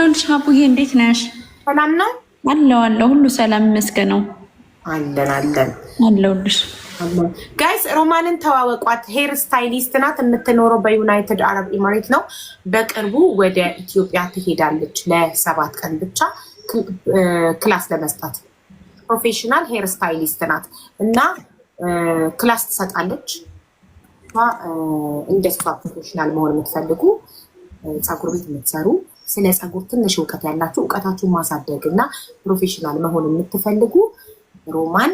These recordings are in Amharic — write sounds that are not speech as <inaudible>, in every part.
ይኸውልሽ አቡዬ እንዴት ነሽ? ሰላም ነው አለው አለው ሁሉ ሰላም ይመስገነው። አለን አለን አለሁልሽ። ጋይስ ሮማንን ተዋወቋት። ሄር ስታይሊስት ናት። የምትኖረው በዩናይትድ አረብ ኢማሬት ነው። በቅርቡ ወደ ኢትዮጵያ ትሄዳለች ለሰባት ቀን ብቻ ክላስ ለመስጣት። ፕሮፌሽናል ሄር ስታይሊስት ናት እና ክላስ ትሰጣለች። እንደሷ ፕሮፌሽናል መሆን የምትፈልጉ ፀጉር ቤት የምትሰሩ ስለ ፀጉር ትንሽ እውቀት ያላችሁ እውቀታችሁን ማሳደግ እና ፕሮፌሽናል መሆን የምትፈልጉ ሮማን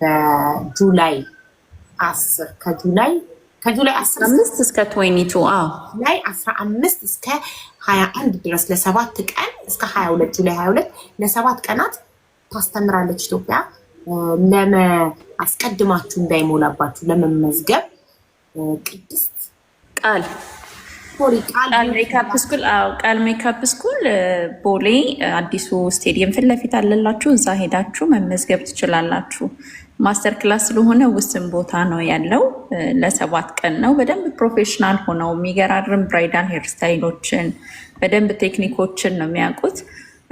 በጁላይ አስር ከጁላይ ከጁላይ አስራ አምስት እስከ ትዌንቲ ቱ ላይ አስራ አምስት እስከ ሀያ አንድ ድረስ ለሰባት ቀን እስከ ሀያ ሁለት ጁላይ ሀያ ሁለት ለሰባት ቀናት ታስተምራለች ኢትዮጵያ ለመ አስቀድማችሁ እንዳይሞላባችሁ ለመመዝገብ ቅድስት ቃል ሜካፕ ስኩል ቃል ሜካፕ ስኩል ቦሌ አዲሱ ስቴዲየም ፊት ለፊት አለላችሁ። እዛ ሄዳችሁ መመዝገብ ትችላላችሁ። ማስተር ክላስ ስለሆነ ውስን ቦታ ነው ያለው። ለሰባት ቀን ነው። በደንብ ፕሮፌሽናል ሆነው የሚገራርም ብራይዳል ሄር ስታይሎችን በደንብ ቴክኒኮችን ነው የሚያውቁት።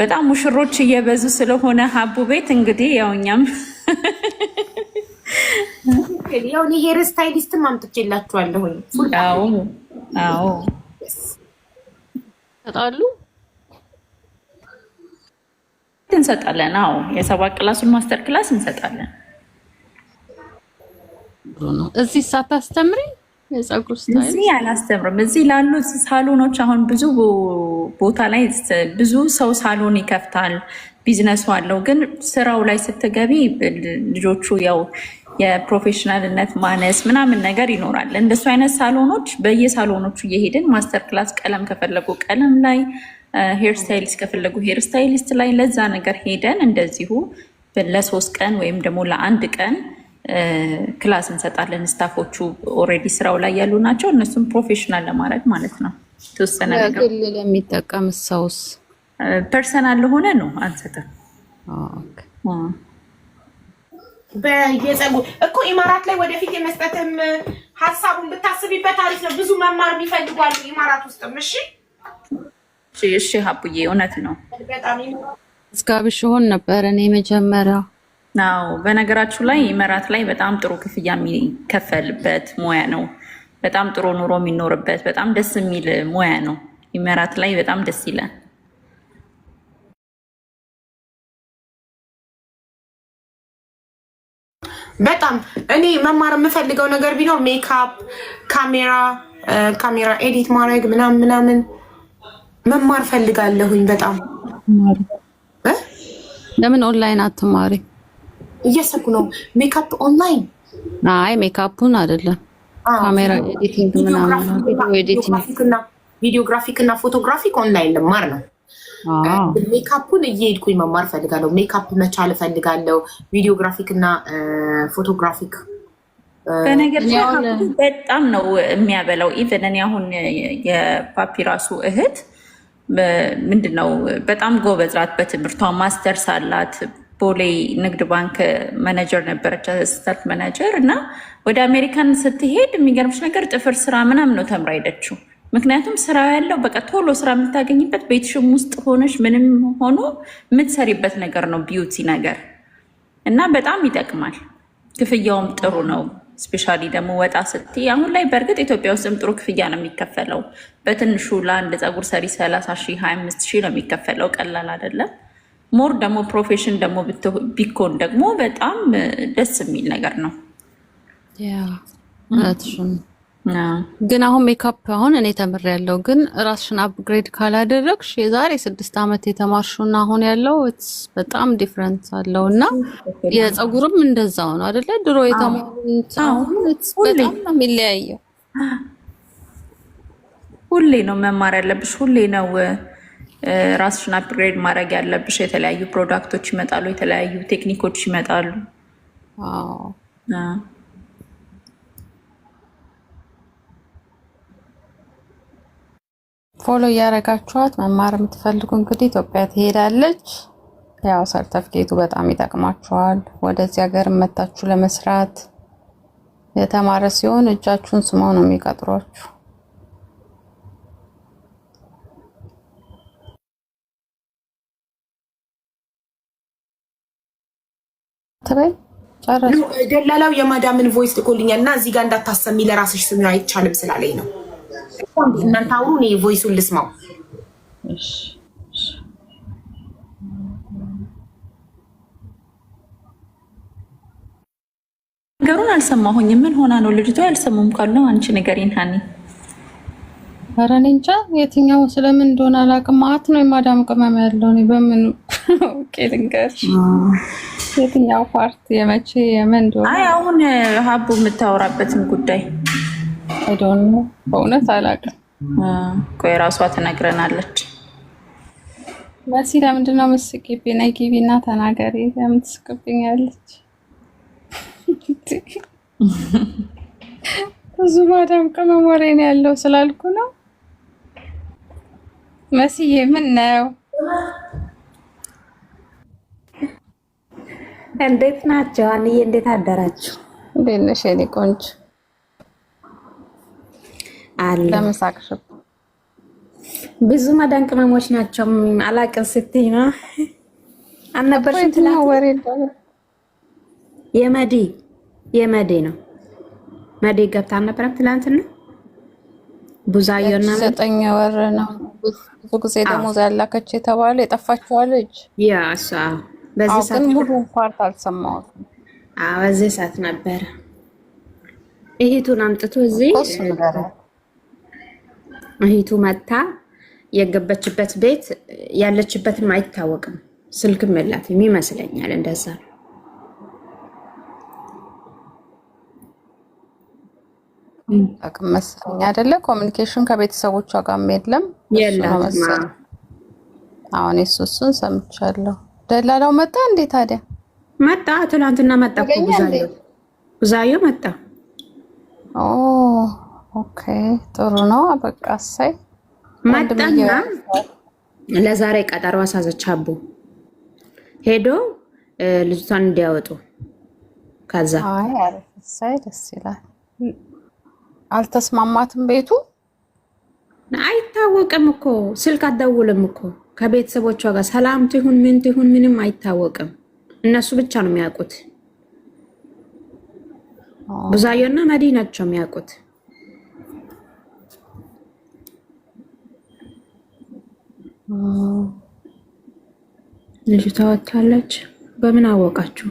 በጣም ሙሽሮች እየበዙ ስለሆነ ሀቡ ቤት እንግዲህ ያው እኛም ያው ሄር አምጥቼላችኋለሁ። አዎ ይሰጣሉ እንሰጣለን። አዎ የሰባት ክላሱን ማስተር ክላስ እንሰጣለን። እዚህ ሳታስተምሪ የፀጉር እዚህ አላስተምርም። እዚህ ላሉ ሳሎኖች አሁን ብዙ ቦታ ላይ ብዙ ሰው ሳሎን ይከፍታል፣ ቢዝነሱ አለው። ግን ስራው ላይ ስትገቢ ልጆቹ ያው የፕሮፌሽናልነት ማነስ ምናምን ነገር ይኖራል። እንደሱ አይነት ሳሎኖች በየሳሎኖቹ እየሄድን ማስተር ክላስ ቀለም ከፈለጉ ቀለም ላይ፣ ሄር ስታይሊስት ከፈለጉ ሄር ስታይሊስት ላይ ለዛ ነገር ሄደን እንደዚሁ ለሶስት ቀን ወይም ደግሞ ለአንድ ቀን ክላስ እንሰጣለን። ስታፎቹ ኦልሬዲ ስራው ላይ ያሉ ናቸው። እነሱም ፕሮፌሽናል ለማድረግ ማለት ነው። የተወሰነ ነገር ሰውስ ፐርሰናል ለሆነ ነው አንሰጠን በየጸጉ እኮ ኢማራት ላይ ወደፊት የመስጠትም ሀሳቡን ብታስቢበት አሪፍ ነው። ብዙ መማር የሚፈልጓሉ ኢማራት ውስጥም። እሺ እሺ፣ ሀቡዬ እውነት ነው። እስጋብሽ ሆን ነበር እኔ መጀመሪያ ናው። በነገራችሁ ላይ ኢማራት ላይ በጣም ጥሩ ክፍያ የሚከፈልበት ሙያ ነው። በጣም ጥሩ ኑሮ የሚኖርበት በጣም ደስ የሚል ሙያ ነው። ኢማራት ላይ በጣም ደስ ይላል። በጣም እኔ መማር የምፈልገው ነገር ቢኖር ሜካፕ፣ ካሜራ ካሜራ ኤዲት ማድረግ ምናምን ምናምን መማር ፈልጋለሁኝ በጣም። ለምን ኦንላይን አትማሪ? እያሰብኩ ነው። ሜካፕ ኦንላይን? አይ ሜካፑን አይደለም፣ ካሜራ ኤዲቲንግ ምናምን ቪዲዮግራፊክ እና ፎቶግራፊክ ኦንላይን ልማር ነው ሜካፑን እየሄድኩኝ መማር ፈልጋለሁ። ሜካፕ መቻል ፈልጋለሁ። ቪዲዮግራፊክ እና ፎቶግራፊክ በነገር በጣም ነው የሚያበላው። ኢቨን እኔ አሁን የፓፒራሱ እህት ምንድን ነው በጣም ጎበዝ ናት በትምህርቷ ማስተርስ አላት። ቦሌ ንግድ ባንክ መነጀር ነበረች፣ አሲስታንት መናጀር እና ወደ አሜሪካን ስትሄድ የሚገርምሽ ነገር ጥፍር ስራ ምናምን ነው ተምራ ሄደችው። ምክንያቱም ስራ ያለው በቃ ቶሎ ስራ የምታገኝበት ቤትሽም ውስጥ ሆነሽ ምንም ሆኖ የምትሰሪበት ነገር ነው ቢዩቲ ነገር እና በጣም ይጠቅማል። ክፍያውም ጥሩ ነው። ስፔሻሊ ደግሞ ወጣ ስትይ አሁን ላይ በእርግጥ ኢትዮጵያ ውስጥም ጥሩ ክፍያ ነው የሚከፈለው። በትንሹ ለአንድ ፀጉር ሰሪ 30 ሺህ 25 ሺህ ነው የሚከፈለው። ቀላል አይደለም። ሞር ደግሞ ፕሮፌሽን ደግሞ ቢኮን ደግሞ በጣም ደስ የሚል ነገር ነው። ግን አሁን ሜካፕ አሁን እኔ ተምር ያለው ግን ራስሽን አፕግሬድ ካላደረግሽ የዛሬ ስድስት ዓመት የተማርሹና አሁን ያለው በጣም ዲፍረንስ አለው እና የፀጉርም እንደዛው ነው አደለ? ድሮ የተማሩት በጣም ነው የሚለያየው። ሁሌ ነው መማር ያለብሽ። ሁሌ ነው ራስሽን አፕግሬድ ማድረግ ያለብሽ። የተለያዩ ፕሮዳክቶች ይመጣሉ፣ የተለያዩ ቴክኒኮች ይመጣሉ። ፎሎ እያደረጋችኋት መማር የምትፈልጉ እንግዲህ ኢትዮጵያ ትሄዳለች። ያው ሰርተፍኬቱ በጣም ይጠቅማችኋል። ወደዚህ ሀገር መታችሁ ለመስራት የተማረ ሲሆን እጃችሁን ስመው ነው የሚቀጥሯችሁ። ደላላው የማዳምን ቮይስ ልኮልኛል እና እዚህ ጋር እንዳታሰሚ ለራስሽ ስሚ አይቻልም ስላለኝ ነው። እናንተ አውሩ፣ እኔ ቮይሱን ልስማው። ነገሩን አልሰማሁኝም። ምን ሆና ነው ልጅቷ? ያልሰሙም ካሉ አንቺ ንገሪን ሀኒ። ኧረ እኔ እንጃ የትኛው ስለምን እንደሆነ አላውቅም። ማት ነው የማዳም ቅመም ያለው እኔ በምን ቄ <laughs> ልንገርሽ የትኛው ፓርት የመቼ የምን እንደሆነ አይ አሁን ሀቡ የምታወራበትን ጉዳይ አይዶን በእውነት አላውቅም። ቆይ ራሷ ትነግረናለች። መሲ ለምንድን ነው የምትስቂብኝ? ነይ ግቢ እና ተናገሪ። ለምን ትስቅብኛለች? ብዙ ማዳም ቅመም ያለው ስላልኩ ነው። መስዬ ምን ነው እንዴት ናቸው? አንዬ እንዴት አደራችሁ? እንዴት ነሽ የኔ ቆንጆ? አለ። ብዙ ማዳን ቅመሞች ናቸው። አላቅን ስትይ ነው አልነበርሽም? የመዲ የመዲ ነው መዲ ገብታ አልነበረም? ትላንትና ቡዛዮና ዘጠኝ ወር ነው። ብዙ ጊዜ ደሞዝ ያላከች የተባለ የጠፋችዋ ልጅ ያ እሷ በዚህ ሰዓት ሁሉም ፓርት አልሰማሁትም። በዚህ ሰዓት ነበረ ይሄቱን አምጥቶ እዚህ እህቱ መታ የገበችበት ቤት ያለችበትም አይታወቅም። ስልክም የላትም ይመስለኛል። እንደዛ አቅም መሰለኝ አይደለ? ኮሚኒኬሽን ከቤተሰቦቿ ጋር የለም የለም። አሁን የሱ እሱን ሰምቻለሁ። ደላላው መጣ እንዴ? ታዲያ መጣ፣ ትናንትና መጣ፣ ጉዛዮ መጣ። ኦኬ ጥሩ ነው። በቃ ሳይ መጣና ለዛሬ ቀጠሮ አሳዘች። አቦ ሄዶ ልጅቷን እንዲያወጡ ከዛ አይ ደስ ይላል። አልተስማማትም። ቤቱ አይታወቅም እኮ ስልክ አትደውልም እኮ ከቤተሰቦቿ ጋር ሰላም ትሁን ምን ትሁን ምንም አይታወቅም። እነሱ ብቻ ነው የሚያውቁት። ብዙየና መዲ ናቸው የሚያውቁት። ልጅቷ ወጥታለች። በምን አወቃችሁ?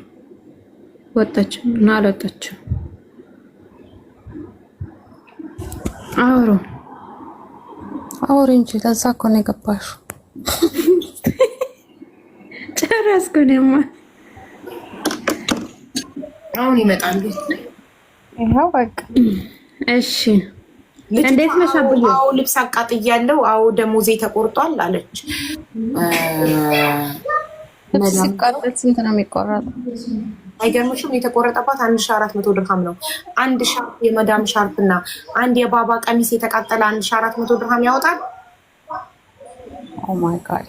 ወጣች እና አልወጣችም? አውሩ አውሪ እንጂ ለዛ እኮ ነው የገባሽው። <laughs> ጨረስኩ። እኔማ አሁን ይመጣሉ። ይኸው በቃ እሺ እንዴት ነሽ አብዬ? አዎ ልብስ አቃጥያለሁ። አዎ ደሞዜ ተቆርጧል አለች። ሲቃጠል ስንት ነው የሚቆረጠው? አይገርምሽም? የተቆረጠባት አንድ ሺ አራት መቶ ድርሃም ነው። አንድ ሻርፕ የመዳም ሻርፕ እና አንድ የባባ ቀሚስ የተቃጠለ አንድ ሺ አራት መቶ ድርሃም ያወጣል።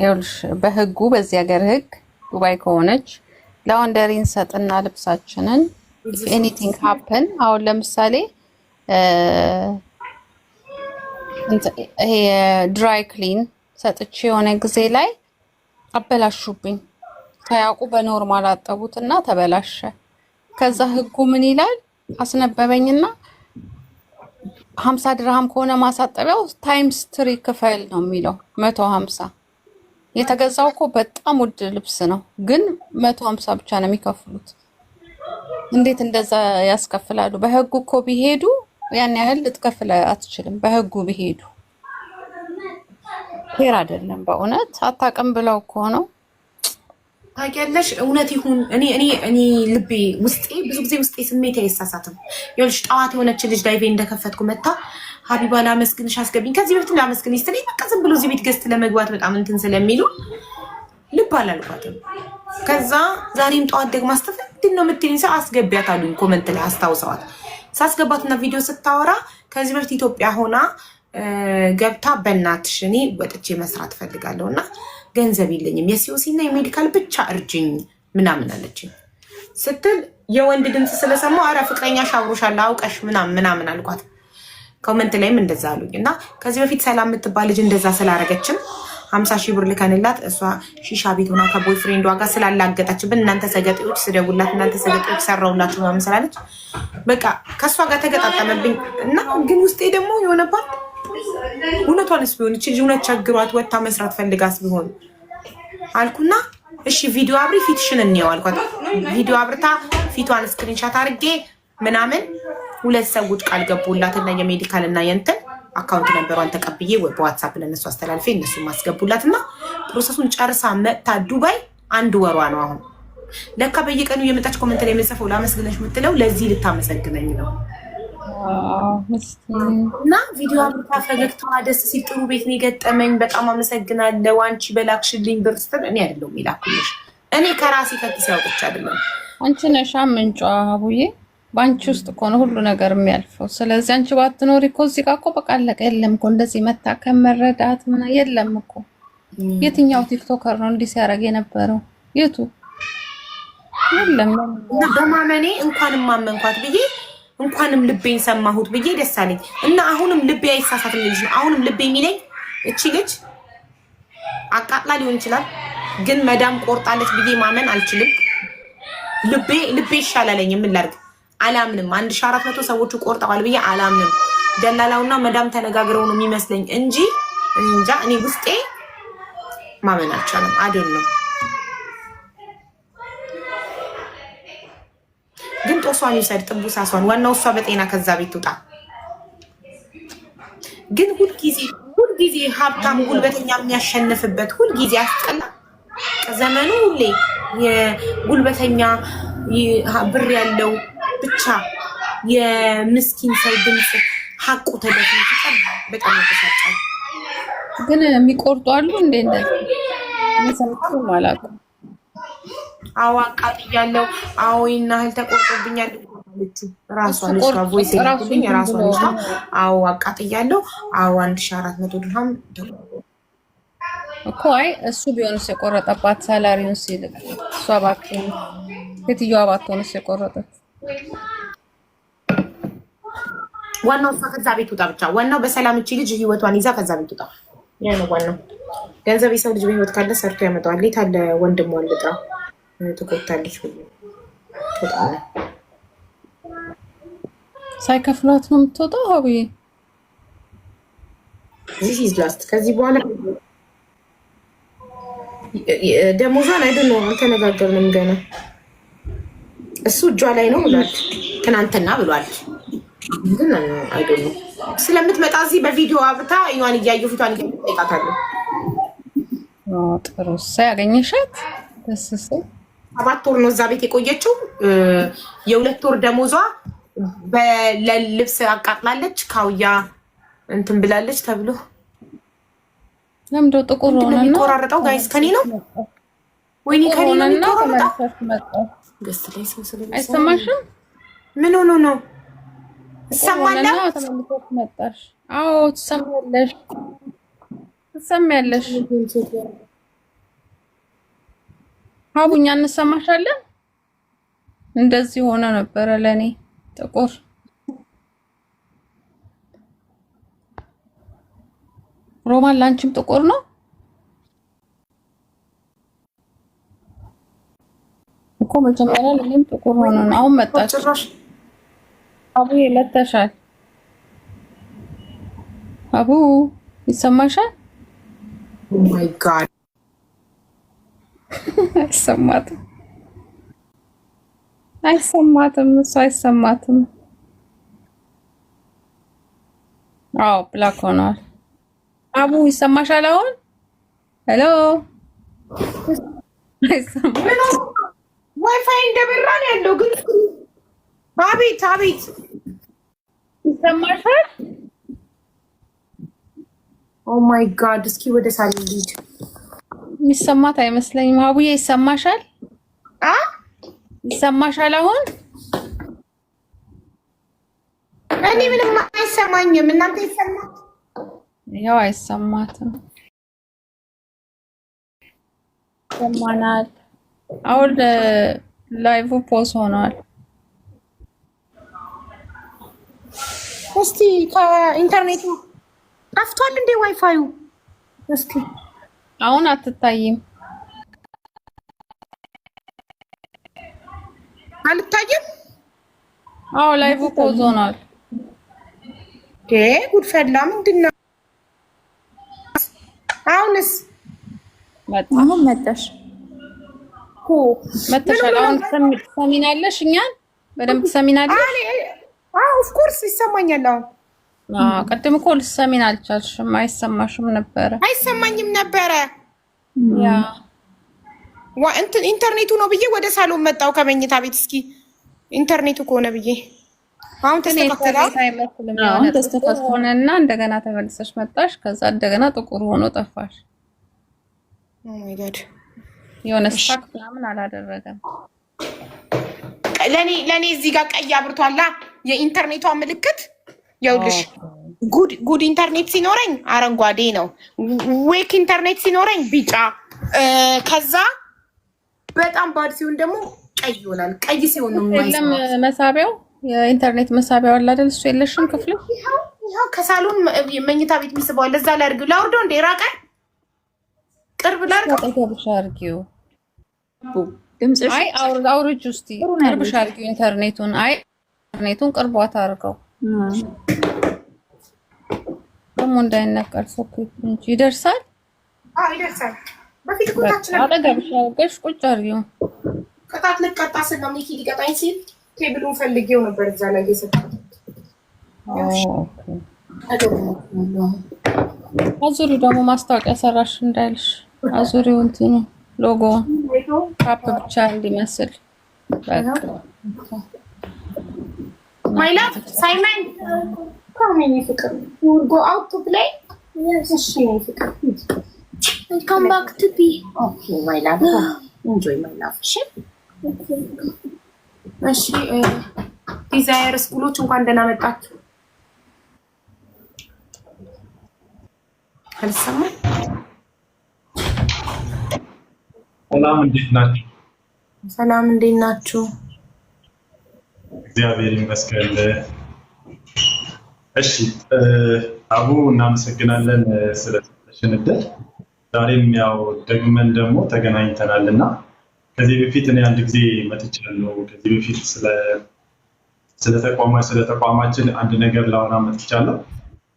ይኸውልሽ በህጉ በዚህ ሀገር ህግ ዱባይ ከሆነች ላውንደሪ እንሰጥና ልብሳችንን ኤኒቲንግ ሀፕን አሁን ለምሳሌ ይሄ ድራይ ክሊን ሰጥቼ የሆነ ጊዜ ላይ አበላሹብኝ። ሳያውቁ በኖርማል አጠቡት እና ተበላሸ። ከዛ ህጉ ምን ይላል አስነበበኝና ሀምሳ ድርሃም ከሆነ ማሳጠቢያው ታይምስ ትሪ ክፈል ነው የሚለው መቶ ሀምሳ የተገዛው እኮ በጣም ውድ ልብስ ነው፣ ግን መቶ ሀምሳ ብቻ ነው የሚከፍሉት። እንዴት እንደዛ ያስከፍላሉ? በህጉ እኮ ቢሄዱ ያን ያህል ልትከፍል አትችልም። በህጉ ቢሄዱ ሄር አይደለም። በእውነት አታውቅም ብለው እኮ ነው። ታውቂያለሽ፣ እውነት ይሁን እኔ እኔ እኔ ልቤ ውስጤ ብዙ ጊዜ ውስጤ ስሜት አይሳሳትም። ይኸውልሽ ጠዋት የሆነች ልጅ ላይቬ እንደከፈትኩ መታ ሀቢባ ላመስግንሽ አስገብኝ ከዚህ በፊት ላመስግን ስትል በቃ ዝም ብሎ እዚህ ቤት ገዝት ለመግባት በጣም እንትን ስለሚሉ ልብ አላልኳትም። ከዛ ዛሬም ጠዋት ደግሞ አስተፈ ምንድን ነው የምትለኝ ሰው አስገቢያት አሉኝ ኮመንት ላይ አስታውሰዋት ሳስገባትና ቪዲዮ ስታወራ ከዚህ በፊት ኢትዮጵያ ሆና ገብታ በእናትሽ እኔ ወጥቼ መስራት ፈልጋለሁ እና ገንዘብ የለኝም የሲኦሲ የሜዲካል ብቻ እርጅኝ ምናምን አለችኝ ስትል የወንድ ድምፅ ስለሰማሁ አረ ፍቅረኛ ሻብሮሻለ አውቀሽ ምናምን ምናምን አልኳት። ኮመንት ላይም እንደዛ አሉኝ እና ከዚህ በፊት ሰላም የምትባል ልጅ እንደዛ ስላረገችም ሀምሳ ሺህ ብር ልከንላት እሷ ሺሻ ቤት ሆና ከቦይፍሬንድ ዋጋ ስላላገጣችብን እናንተ ሰገጤዎች ስደቡላት፣ እናንተ ሰገጤዎች ሰራውላችሁ ምናምን ስላለች በቃ ከእሷ ጋር ተገጣጠመብኝ እና ግን ውስጤ ደግሞ የሆነባት እውነቷንስ ቢሆን እች እውነት ቸግሯት ወታ መስራት ፈልጋስ ቢሆን አልኩና እሺ ቪዲዮ አብሪ ፊትሽን እንየው አልኳት። ቪዲዮ አብርታ ፊቷን ስክሪንሻት አድርጌ ምናምን ሁለት ሰዎች ቃል ገቡላትና የሜዲካል እና የንትን አካውንት ነበሯን ተቀብዬ ወይ በዋትሳፕ ለነሱ አስተላልፌ እነሱ ማስገቡላት እና ፕሮሰሱን ጨርሳ መጥታ ዱባይ አንድ ወሯ ነው አሁን። ለካ በየቀኑ የመጣች ኮመንት ላይ የምጽፈው ላመስግነሽ የምትለው ለዚህ ልታመሰግነኝ ነው። እና ቪዲዮ አምታ ፈገግታዋ ደስ ሲል ጥሩ ቤት ነው የገጠመኝ፣ በጣም አመሰግናለሁ አንቺ በላክሽልኝ ብር ስትል እኔ አይደለሁም የላኩልሽ እኔ ከራሴ ከኪሴ አውጥቼ አይደለም አንቺ ነሻ ምንጫ አቡዬ በአንቺ ውስጥ እኮ ነው ሁሉ ነገር የሚያልፈው። ስለዚህ አንቺ ባትኖሪ እኮ እዚህ ጋር እኮ በቃ አለቀ። የለም እኮ እንደዚህ መታ ከመረዳት ምና የለም እኮ። የትኛው ቲክቶከር ነው እንዲህ ሲያደርግ የነበረው? የቱ የለም። በማመኔ እንኳንም ማመንኳት ብዬ እንኳንም ልቤን ሰማሁት ብዬ ደስ አለኝ እና አሁንም ልቤ አይሳሳት ልጅ አሁንም ልቤ የሚለኝ እቺ ልጅ አቃጥላ ሊሆን ይችላል፣ ግን መዳም ቆርጣለች ብዬ ማመን አልችልም። ልቤ ልቤ ይሻላለኝ የምላርግ አላምንም። አንድ ሺ አራት መቶ ሰዎቹ ቆርጠዋል ብዬ አላምንም። ደላላውና መዳም ተነጋግረው ነው የሚመስለኝ እንጂ እንጃ እኔ ውስጤ ማመን አልቻለም። አድን ነው ግን ጦሷን ይውሰድ ጥቡሳሷን፣ ዋናው እሷ በጤና ከዛ ቤት ትውጣ። ግን ሁልጊዜ ሁልጊዜ ሀብታም ጉልበተኛ የሚያሸንፍበት ሁልጊዜ አስጠላ ዘመኑ ሁሌ የጉልበተኛ ብር ያለው ብቻ የምስኪን ሰው ድምፅ ሀቁ ተደፍ ሲቀር በጣም ተሳጫል። ግን የሚቆርጡ አሉ እንደ እንደ መሰምቱ ማለት አዎ፣ አቃጥያለሁ። አዎ ይናህል ተቆርጦብኛል። ራሷ ልጅ ቮይስ ልኩብኝ አዎ አቃጥያለሁ። አዎ አንድ ሺ አራት መቶ ድርሃም እኮ አይ እሱ ቢሆንስ የቆረጠባት ሳላሪውን ሲልቅ እሷ ባትሆን ሴትዮዋ ባትሆንስ የቆረጠች ዋናው እሷ ከዛ ቤት ውጣ ብቻ። ዋናው በሰላም እቺ ልጅ ህይወቷን ይዛ ከዛ ቤት ውጣ። ያ ነው ዋናው። ገንዘብ የሰው ልጅ በህይወት ካለ ሰርቶ ያመጣዋል። ሌት አለ ወንድሟ ልጣ ትቆጣለች። ሳይከፍሏት ነው የምትወጣው። ሀብዬ ዚስ ኢዝ ላስት። ከዚህ በኋላ ደሞዟን አይደል ነው አልተነጋገርንም ገና እሱ እጇ ላይ ነው ብሏል፣ ትናንትና ብሏል። ግን አይደ ስለምትመጣ እዚህ በቪዲዮ አብታ ኛን እያየ ፊቷን እጠይቃታለሁ። ጥሩ እሷ ያገኘሻት ደስ ሰባት ወር ነው እዛ ቤት የቆየችው። የሁለት ወር ደሞዟ ለልብስ አቃጥላለች፣ ካውያ እንትን ብላለች ተብሎ ለምዶ ጥቁር ሆነና የሚቆራረጠው ጋይስ ከኔ ነው ወይኔ ከኔ ነው የሚቆራረጠው ገስ ላይ ሰው ስለ አይሰማሽም? ምን ሆኖ ነው? እሰማለሁ። ተመልሶት መጣሽ? አዎ ትሰማለሽ፣ ትሰማያለሽ። አቡኛ እንሰማሻለን። እንደዚህ ሆነ ነበረ ለእኔ ጥቁር ሮማን ላንቺም ጥቁር ነው። እኮ መጀመሪያ ላይም ጥቁር ሆኖ ነው። አሁን መጣች አቡ ይለተሻል። አቡ ይሰማሻል? ኦ ማይ ጋድ አይሰማትም፣ አይሰማትም፣ እሱ አይሰማትም። አዎ ብላክ ሆኗል። አቡ ይሰማሻል? አሁን ሄሎ ዋይፋይ እንደበራ ነው ያለው። ግን አቤት አቤት ይሰማሻል? ኦ ማይ ጋድ! እስኪ ወደ ሳል ልሂድ። የሚሰማት አይመስለኝም። አቡዬ ይሰማሻል? ይሰማሻል? አሁን እኔ ምንም አይሰማኝም። እናንተ ይሰማት ያው አይሰማትም። ይሰማናል አሁን ላይቭ ፖስ ሆኗል እስቲ ከኢንተርኔቱ ጠፍቷል እንዴ ዋይፋዩ? እስቲ አሁን አትታይም። አልታይም። አዎ ላይቭ ፖዝ ሆኗል። ኦኬ ጉድፈላ ፈላ። ምንድነው? አሁንስ አሁን መጣሽ? እኮ መተሻል። አሁን ትሰሚናለሽ፣ እኛን በደንብ ትሰሚናለሽ። ኦፍኮርስ ይሰማኛል። አሁን ቅድም እኮ ልትሰሚን አልቻልሽም፣ አይሰማሽም ነበረ። አይሰማኝም ነበረ። ኢንተርኔቱ ነው ብዬ ወደ ሳሎን መጣው ከመኝታ ቤት። እስኪ ኢንተርኔቱ ከሆነ ብዬ አሁን ተስተካከለ ሆነና እንደገና ተመልሰሽ መጣሽ። ከዛ እንደገና ጥቁር ሆኖ ጠፋሽ። ኦ ማይ ጋድ የሆነ ስታክ ምናምን አላደረገም። ለኔ ለእኔ እዚህ ጋር ቀይ አብርቷላ የኢንተርኔቷ ምልክት የውልሽ ጉድ ኢንተርኔት ሲኖረኝ አረንጓዴ ነው። ዌክ ኢንተርኔት ሲኖረኝ ቢጫ፣ ከዛ በጣም ባድ ሲሆን ደግሞ ቀይ ይሆናል። ቀይ ሲሆን ነው የለም መሳቢያው የኢንተርኔት መሳቢያ አለ አይደል? እሱ የለሽም ክፍል ይኸው ከሳሎን መኝታ ቤት የሚስበዋል። እዛ ላይ አድርጊው። ላውርዶ እንዴ ራቀን ቅርብ ብቻ አድርጊው ድምፅሽ አውርጅ ውስጥ ቅርብሽ አድርጊው። ኢንተርኔቱን አይ ኢንተርኔቱን ቅርቧት አድርገው ደግሞ እንዳይነቀል ሶኬት እንጂ ይደርሳል። አጠገብሽ ቁጭ አድርጊው። ቅጣት ልቀጣ ስለ ሚኪ ሊቀጣኝ ሲል ቴብሉን ፈልጌው ነበር እዛ ላይ የሰጠሁት። አዙሪው ደግሞ ማስታወቂያ ሰራሽ እንዳይልሽ አዙሪው እንትኑ ሎጎ ካፕ ብቻ እንዲመስል ማይላት ሳይመን ስኩሎች እንኳን ደህና መጣችሁ አልሰማም ሰላም እንዴት ናችሁ? ሰላም እንዴት ናችሁ? እግዚአብሔር ይመስገን። እሺ አቡ እናመሰግናለን ስለተሽን እድል። ዛሬም ያው ደግመን ደግሞ ተገናኝተናል እና ከዚህ በፊት እኔ አንድ ጊዜ መጥቻለሁ። ከዚህ በፊት ስለ ተቋማ ስለ አንድ ነገር ላወራ መጥቻለሁ።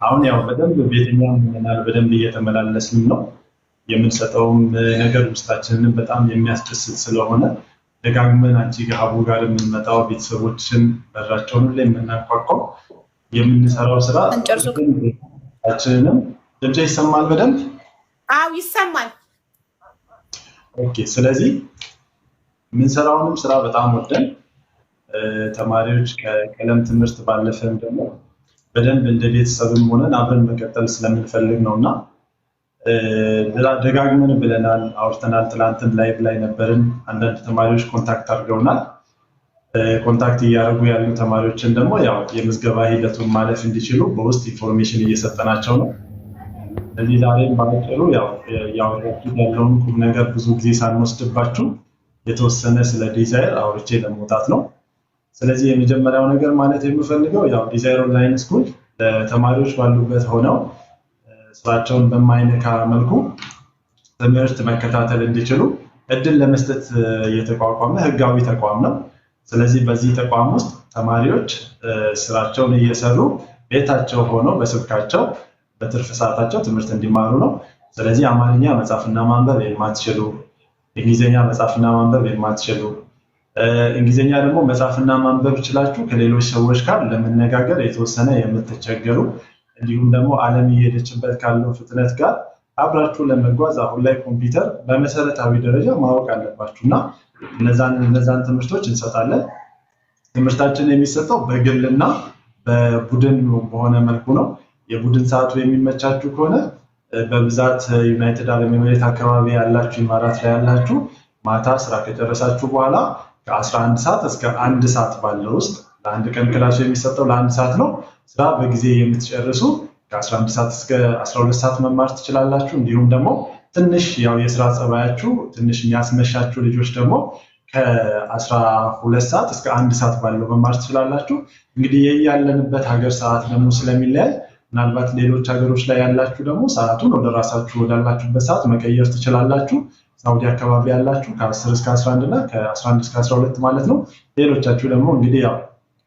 አሁን ያው በደንብ ቤተኛ ምናል በደንብ እየተመላለስን ነው የምንሰጠውም ነገር ውስጣችንን በጣም የሚያስደስት ስለሆነ ደጋግመን አንቺ ሀቡ ጋር የምንመጣው ቤተሰቦችን በራቸውን ላይ የምናቋቋው የምንሰራው ስራ ቻችንንም ደብጃ ይሰማል በደንብ አዎ ይሰማል። ኦኬ። ስለዚህ የምንሰራውንም ስራ በጣም ወደን ተማሪዎች ከቀለም ትምህርት ባለፈም ደግሞ በደንብ እንደ ቤተሰብም ሆነን አብረን መቀጠል ስለምንፈልግ ነው እና ደጋግመን ብለናል፣ አውርተናል። ትላንትን ላይቭ ላይ ነበርን። አንዳንድ ተማሪዎች ኮንታክት አድርገውናል። ኮንታክት እያደረጉ ያሉ ተማሪዎችን ደግሞ ያው የምዝገባ ሂደቱን ማለፍ እንዲችሉ በውስጥ ኢንፎርሜሽን እየሰጠናቸው ነው። እዚህ ዛሬም ባጭሩ ያወራችሁ ያለውን ቁም ነገር ብዙ ጊዜ ሳንወስድባችሁ የተወሰነ ስለ ዲዛይር አውርቼ ለመውጣት ነው። ስለዚህ የመጀመሪያው ነገር ማለት የምፈልገው ያው ዲዛይር ኦንላይን ስኩል ለተማሪዎች ባሉበት ሆነው ስራቸውን በማይነካ መልኩ ትምህርት መከታተል እንዲችሉ እድል ለመስጠት የተቋቋመ ህጋዊ ተቋም ነው። ስለዚህ በዚህ ተቋም ውስጥ ተማሪዎች ስራቸውን እየሰሩ ቤታቸው ሆነው በስልካቸው በትርፍ ሰዓታቸው ትምህርት እንዲማሩ ነው። ስለዚህ አማርኛ መጻፍና ማንበብ የማትችሉ፣ እንግሊዝኛ መጻፍና ማንበብ የማትችሉ እንግሊዝኛ ደግሞ መጻፍና ማንበብ ችላችሁ ከሌሎች ሰዎች ጋር ለመነጋገር የተወሰነ የምትቸገሩ እንዲሁም ደግሞ ዓለም እየሄደችበት ካለው ፍጥነት ጋር አብራችሁ ለመጓዝ አሁን ላይ ኮምፒውተር በመሰረታዊ ደረጃ ማወቅ አለባችሁ እና እነዛን ትምህርቶች እንሰጣለን። ትምህርታችን የሚሰጠው በግልና በቡድን በሆነ መልኩ ነው። የቡድን ሰዓቱ የሚመቻችሁ ከሆነ በብዛት ዩናይትድ አረብ ኤሚሬት አካባቢ ያላችሁ ኢማራት ላይ ያላችሁ ማታ ስራ ከጨረሳችሁ በኋላ ከ11 ሰዓት እስከ አንድ ሰዓት ባለው ውስጥ ለአንድ ቀን ክላሱ የሚሰጠው ለአንድ ሰዓት ነው። ስራ በጊዜ የምትጨርሱ ከ11 ሰዓት እስከ 12 ሰዓት መማር ትችላላችሁ። እንዲሁም ደግሞ ትንሽ ያው የስራ ጸባያችሁ ትንሽ የሚያስመሻችሁ ልጆች ደግሞ ከ12 ሰዓት እስከ አንድ ሰዓት ባለው መማር ትችላላችሁ። እንግዲህ ያለንበት ሀገር ሰዓት ደግሞ ስለሚለያይ ምናልባት ሌሎች ሀገሮች ላይ ያላችሁ ደግሞ ሰዓቱን ወደ ራሳችሁ ወዳላችሁበት ሰዓት መቀየር ትችላላችሁ። ሳውዲ አካባቢ ያላችሁ ከ10 እስከ 11 እና ከ11 እስከ 12 ማለት ነው። ሌሎቻችሁ ደግሞ እንግዲህ ያው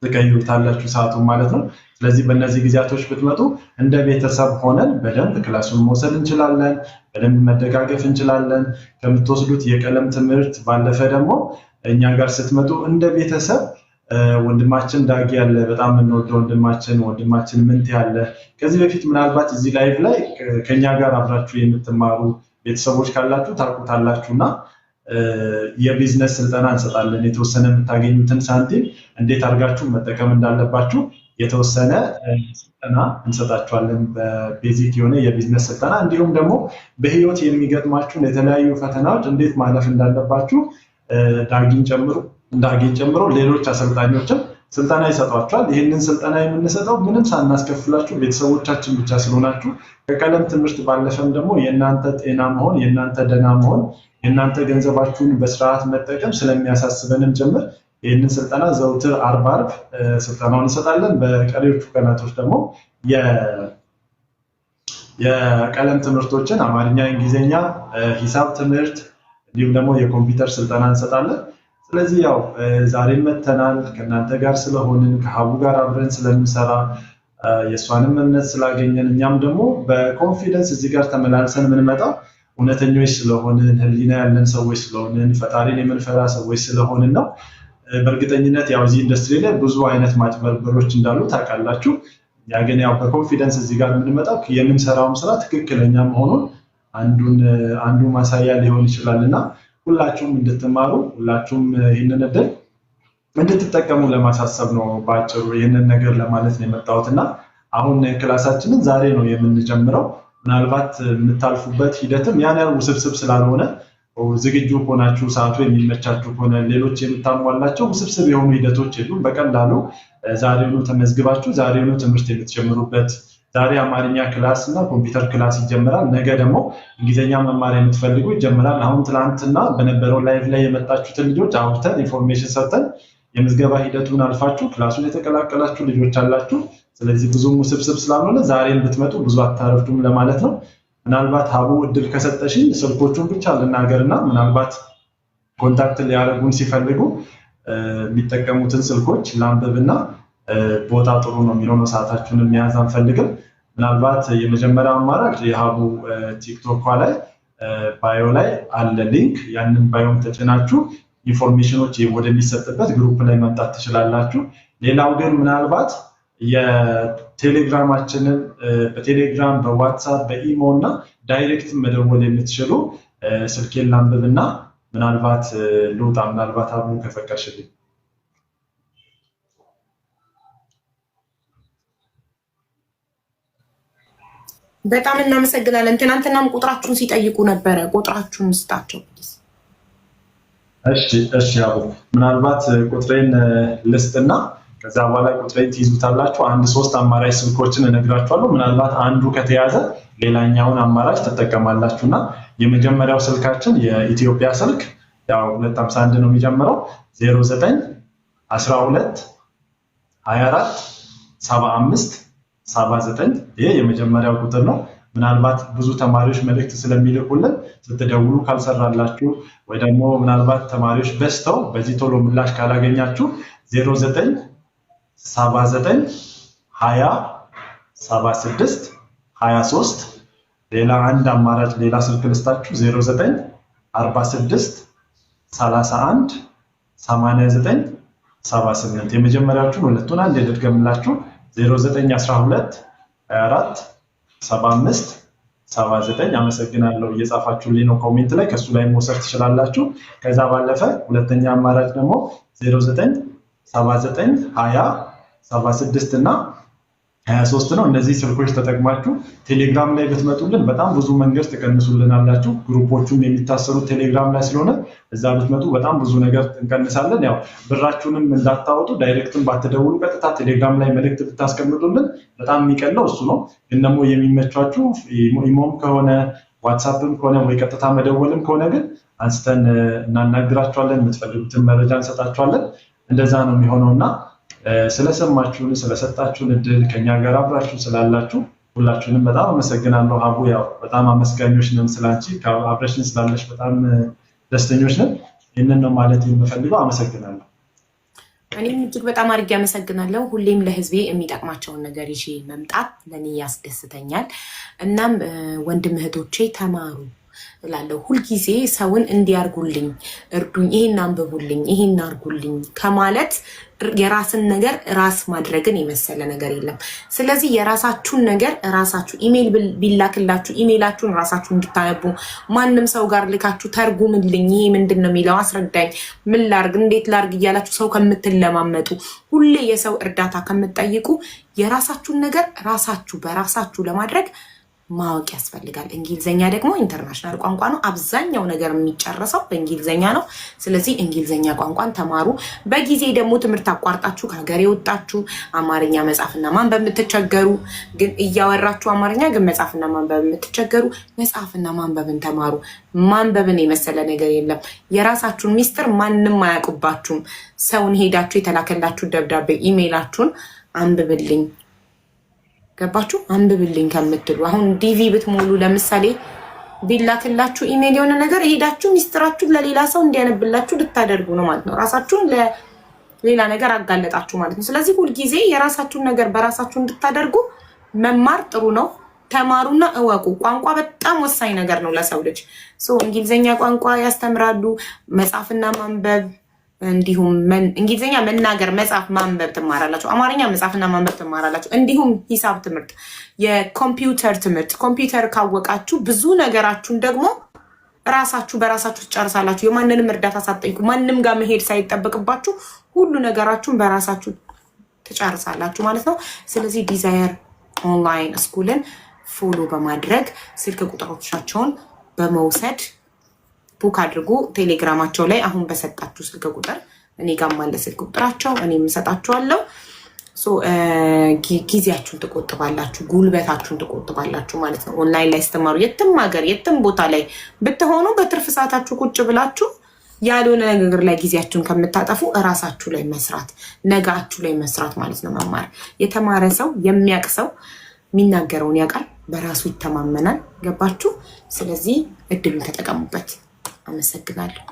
ትቀይሩታላችሁ ሰዓቱን ማለት ነው። ስለዚህ በእነዚህ ጊዜያቶች ብትመጡ እንደ ቤተሰብ ሆነን በደንብ ክላሱን መውሰድ እንችላለን፣ በደንብ መደጋገፍ እንችላለን። ከምትወስዱት የቀለም ትምህርት ባለፈ ደግሞ እኛ ጋር ስትመጡ እንደ ቤተሰብ ወንድማችን ዳጊ ያለ በጣም የምንወደው ወንድማችን ወንድማችን ምንት ያለ ከዚህ በፊት ምናልባት እዚህ ላይቭ ላይ ከኛ ጋር አብራችሁ የምትማሩ ቤተሰቦች ካላችሁ ታውቁታላችሁ እና የቢዝነስ ስልጠና እንሰጣለን። የተወሰነ የምታገኙትን ሳንቲም እንዴት አድርጋችሁ መጠቀም እንዳለባችሁ የተወሰነ ስልጠና እንሰጣቸዋለን። በቤዚክ የሆነ የቢዝነስ ስልጠና እንዲሁም ደግሞ በህይወት የሚገጥማችሁን የተለያዩ ፈተናዎች እንዴት ማለፍ እንዳለባችሁ ዳጊን ጨምሮ እንዳጊን ጨምሮ ሌሎች አሰልጣኞችም ስልጠና ይሰጧቸዋል። ይህንን ስልጠና የምንሰጠው ምንም ሳናስከፍላችሁ ቤተሰቦቻችን ብቻ ስለሆናችሁ ከቀለም ትምህርት ባለፈም ደግሞ የእናንተ ጤና መሆን፣ የእናንተ ደህና መሆን፣ የእናንተ ገንዘባችሁን በስርዓት መጠቀም ስለሚያሳስበንም ጭምር ይህንን ስልጠና ዘውትር አርብ አርብ ስልጠናውን እንሰጣለን። በቀሪዎቹ ቀናቶች ደግሞ የቀለም ትምህርቶችን አማርኛ፣ እንግሊዝኛ፣ ሂሳብ ትምህርት እንዲሁም ደግሞ የኮምፒውተር ስልጠና እንሰጣለን። ስለዚህ ያው ዛሬን መተናል ከእናንተ ጋር ስለሆንን ከሀቡ ጋር አብረን ስለምንሰራ የእሷንም እምነት ስላገኘን እኛም ደግሞ በኮንፊደንስ እዚህ ጋር ተመላልሰን የምንመጣው እውነተኞች ስለሆንን ህሊና ያለን ሰዎች ስለሆንን ፈጣሪን የምንፈራ ሰዎች ስለሆንን ነው። በእርግጠኝነት ያው እዚህ ኢንዱስትሪ ላይ ብዙ አይነት ማጭበርበሮች እንዳሉ ታውቃላችሁ። ያ ግን ያው በኮንፊደንስ እዚህ ጋር የምንመጣው የምንሰራውም ስራ ትክክለኛ መሆኑን አንዱን አንዱ ማሳያ ሊሆን ይችላል እና ሁላችሁም እንድትማሩ ሁላችሁም ይህንን እድል እንድትጠቀሙ ለማሳሰብ ነው። በአጭሩ ይህንን ነገር ለማለት ነው የመጣሁት እና አሁን ክላሳችንን ዛሬ ነው የምንጀምረው። ምናልባት የምታልፉበት ሂደትም ያን ያህል ውስብስብ ስላልሆነ ዝግጁ ሆናችሁ ሰዓቱ የሚመቻችሁ ከሆነ ሌሎች የምታሟላቸው ውስብስብ የሆኑ ሂደቶች የሉም። በቀላሉ ዛሬውኑ ተመዝግባችሁ ዛሬውኑ ትምህርት የምትጀምሩበት ዛሬ አማርኛ ክላስ እና ኮምፒውተር ክላስ ይጀምራል። ነገ ደግሞ እንግሊዝኛ መማር የምትፈልጉ ይጀምራል። አሁን ትናንትና በነበረው ላይቭ ላይ የመጣችሁትን ልጆች አውርተን ኢንፎርሜሽን ሰጥተን የምዝገባ ሂደቱን አልፋችሁ ክላሱን የተቀላቀላችሁ ልጆች አላችሁ። ስለዚህ ብዙም ውስብስብ ስላልሆነ ዛሬን ብትመጡ ብዙ አታረፍዱም ለማለት ነው። ምናልባት ሀቡ እድል ከሰጠሽኝ ስልኮቹን ብቻ ልናገር እና ምናልባት ኮንታክት ሊያደርጉን ሲፈልጉ የሚጠቀሙትን ስልኮች ላንብብና ቦታ ጥሩ ነው የሚለውን ሰዓታችሁን የሚያዝ አንፈልግም። ምናልባት የመጀመሪያ አማራጭ የሀቡ ቲክቶኳ ላይ ባዮ ላይ አለ ሊንክ። ያንን ባዮም ተጭናችሁ ኢንፎርሜሽኖች ወደሚሰጥበት ግሩፕ ላይ መምጣት ትችላላችሁ። ሌላው ግን ምናልባት የቴሌግራማችንን በቴሌግራም በዋትሳፕ በኢሞ እና ዳይሬክት መደወል የምትችሉ ስልኬን ላንብብ እና ምናልባት ልውጣ፣ ምናልባት አብሮ ከፈቀድሽልኝ በጣም እናመሰግናለን። ትናንትናም ቁጥራችሁን ሲጠይቁ ነበረ። ቁጥራችሁን ስጣቸው። እሺ፣ እሺ። ምናልባት ቁጥሬን ልስጥና ከዛ በኋላ ቁጥሬ ትይዙታላችሁ። አንድ ሶስት አማራጭ ስልኮችን እነግራችኋለሁ። ምናልባት አንዱ ከተያዘ ሌላኛውን አማራጭ ትጠቀማላችሁ የመጀመሪያው ስልካችን የኢትዮጵያ ስልክ ያው 251 ነው የሚጀምረው 09 12 24 75 79 ይሄ የመጀመሪያው ቁጥር ነው። ምናልባት ብዙ ተማሪዎች መልእክት ስለሚልኩልን ስትደውሉ ካልሰራላችሁ ወይ ደግሞ ምናልባት ተማሪዎች በስተው በዚህ ቶሎ ምላሽ ካላገኛችሁ 09 79 20 76 23 ሌላ አንድ አማራጭ ሌላ ስልክ ልስታችሁ 09 46 31 89 78 የመጀመሪያዎቹን ሁለቱን አንድ ልድገምላችሁ 09 12 24 75 79 አመሰግናለሁ። እየጻፋችሁልኝ ነው ኮሜንት ላይ ከሱ ላይ መውሰድ ትችላላችሁ። ከዛ ባለፈ ሁለተኛ አማራጭ ደግሞ 09 79 20 76 እና 23 ነው። እነዚህ ስልኮች ተጠቅማችሁ ቴሌግራም ላይ ብትመጡልን በጣም ብዙ መንገድ ትቀንሱልናላችሁ አላችሁ። ግሩፖቹም የሚታሰሩት ቴሌግራም ላይ ስለሆነ እዛ ብትመጡ በጣም ብዙ ነገር እንቀንሳለን። ያው ብራችሁንም እንዳታወጡ ዳይሬክትም ባትደውሉ ቀጥታ ቴሌግራም ላይ መልእክት ብታስቀምጡልን በጣም የሚቀለው እሱ ነው። ግን ደግሞ የሚመቻችሁ ኢሞም ከሆነ ዋትሳፕም ከሆነ ወይ ቀጥታ መደወልም ከሆነ ግን አንስተን እናናግራችኋለን። የምትፈልጉትን መረጃ እንሰጣችኋለን። እንደዛ ነው የሚሆነው እና ስለሰማችሁን፣ ስለሰጣችሁን እድል ከኛ ጋር አብራችሁ ስላላችሁ ሁላችሁንም በጣም አመሰግናለሁ። ሀቡ ያው በጣም አመስጋኞች ነን ስላንቺ፣ አብረሽን ስላለሽ በጣም ደስተኞች ነን። ይህንን ነው ማለት የምፈልገው። አመሰግናለሁ። እኔም እጅግ በጣም አድርጌ አመሰግናለሁ። ሁሌም ለህዝቤ የሚጠቅማቸውን ነገር ይዤ መምጣት ለእኔ ያስደስተኛል። እናም ወንድም እህቶቼ ተማሩ እላለሁ ሁልጊዜ ሰውን እንዲያርጉልኝ እርዱኝ፣ ይሄን አንብቡልኝ፣ ይሄን አርጉልኝ ከማለት የራስን ነገር ራስ ማድረግን የመሰለ ነገር የለም። ስለዚህ የራሳችሁን ነገር ራሳችሁ ኢሜል ቢላክላችሁ ኢሜላችሁን ራሳችሁ እንድታነቡ ማንም ሰው ጋር ልካችሁ ተርጉምልኝ፣ ይሄ ምንድን ነው የሚለው አስረዳኝ፣ ምን ላርግ፣ እንዴት ላርግ እያላችሁ ሰው ከምትለማመጡ፣ ሁሌ የሰው እርዳታ ከምትጠይቁ የራሳችሁን ነገር ራሳችሁ በራሳችሁ ለማድረግ ማወቅ ያስፈልጋል። እንግሊዘኛ ደግሞ ኢንተርናሽናል ቋንቋ ነው። አብዛኛው ነገር የሚጨረሰው በእንግሊዝኛ ነው። ስለዚህ እንግሊዘኛ ቋንቋን ተማሩ። በጊዜ ደግሞ ትምህርት አቋርጣችሁ ከሀገር የወጣችሁ አማርኛ መጻፍና ማንበብ የምትቸገሩ ግን እያወራችሁ አማርኛ ግን መጻፍና ማንበብ የምትቸገሩ መጻፍና ማንበብን ተማሩ። ማንበብን የመሰለ ነገር የለም። የራሳችሁን ሚስጥር ማንም አያውቁባችሁም። ሰውን ሄዳችሁ የተላከላችሁ ደብዳቤ ኢሜይላችሁን አንብብልኝ ገባችሁ? አንብብልኝ ከምትሉ አሁን ዲቪ ብትሞሉ ለምሳሌ ቢላክላችሁ ኢሜል የሆነ ነገር ሄዳችሁ ሚስጥራችሁን ለሌላ ሰው እንዲያነብላችሁ ልታደርጉ ነው ማለት ነው። ራሳችሁን ለሌላ ነገር አጋለጣችሁ ማለት ነው። ስለዚህ ሁልጊዜ የራሳችሁን ነገር በራሳችሁ እንድታደርጉ መማር ጥሩ ነው። ተማሩና እወቁ። ቋንቋ በጣም ወሳኝ ነገር ነው ለሰው ልጅ። እንግሊዝኛ ቋንቋ ያስተምራሉ፣ መጻፍና ማንበብ እንዲሁም እንግሊዝኛ መናገር፣ መጽሐፍ፣ ማንበብ ትማራላችሁ። አማርኛ መጽሐፍና ማንበብ ትማራላችሁ። እንዲሁም ሂሳብ ትምህርት፣ የኮምፒውተር ትምህርት። ኮምፒውተር ካወቃችሁ ብዙ ነገራችሁን ደግሞ ራሳችሁ በራሳችሁ ትጨርሳላችሁ። የማንንም እርዳታ ሳትጠይቁ ማንም ጋር መሄድ ሳይጠበቅባችሁ ሁሉ ነገራችሁን በራሳችሁ ትጨርሳላችሁ ማለት ነው። ስለዚህ ዲዛየር ኦንላይን ስኩልን ፎሎ በማድረግ ስልክ ቁጥሮቻቸውን በመውሰድ ቡክ አድርጉ። ቴሌግራማቸው ላይ አሁን በሰጣችሁ ስልክ ቁጥር እኔ ጋር ማለ ስልክ ቁጥራቸው እኔም እሰጣችኋለሁ። ጊዜያችሁን ትቆጥባላችሁ፣ ጉልበታችሁን ትቆጥባላችሁ ማለት ነው። ኦንላይን ላይ ስትማሩ የትም ሀገር የትም ቦታ ላይ ብትሆኑ በትርፍ ሰዓታችሁ ቁጭ ብላችሁ ያልሆነ ነገር ላይ ጊዜያችሁን ከምታጠፉ እራሳችሁ ላይ መስራት፣ ነጋችሁ ላይ መስራት ማለት ነው። መማር የተማረ ሰው የሚያቅ ሰው የሚናገረውን ያውቃል፣ በራሱ ይተማመናል። ገባችሁ? ስለዚህ እድሉን ተጠቀሙበት። አመሰግናለሁ።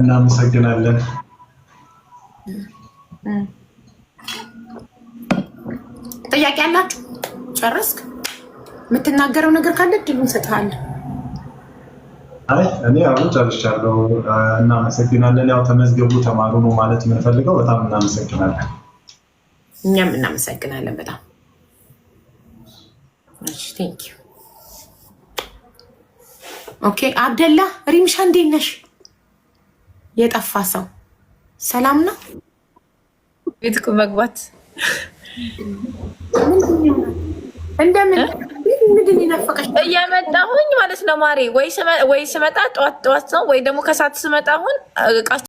እናመሰግናለን። ጥያቄ አላችሁ? ጨረስክ? የምትናገረው ነገር ካለ ድሉ እንሰጥሃለን። አይ እኔ አሁን ጨርሻለሁ። እናመሰግናለን። ያው ተመዝገቡ፣ ተማሩ ነው ማለት የምንፈልገው። በጣም እናመሰግናለን። እኛም እናመሰግናለን በጣም ቴንኪው። ኦኬ አብደላ ሪምሻ እንዴት ነሽ? የጠፋ ሰው ሰላም ነው? ቤት እኮ መግባት እንደምን ማለት ነው ማሬ፣ ወይ ስመጣ ጠዋት ጠዋት ነው ወይ ደግሞ ከሰዓት ስመጣ አሁን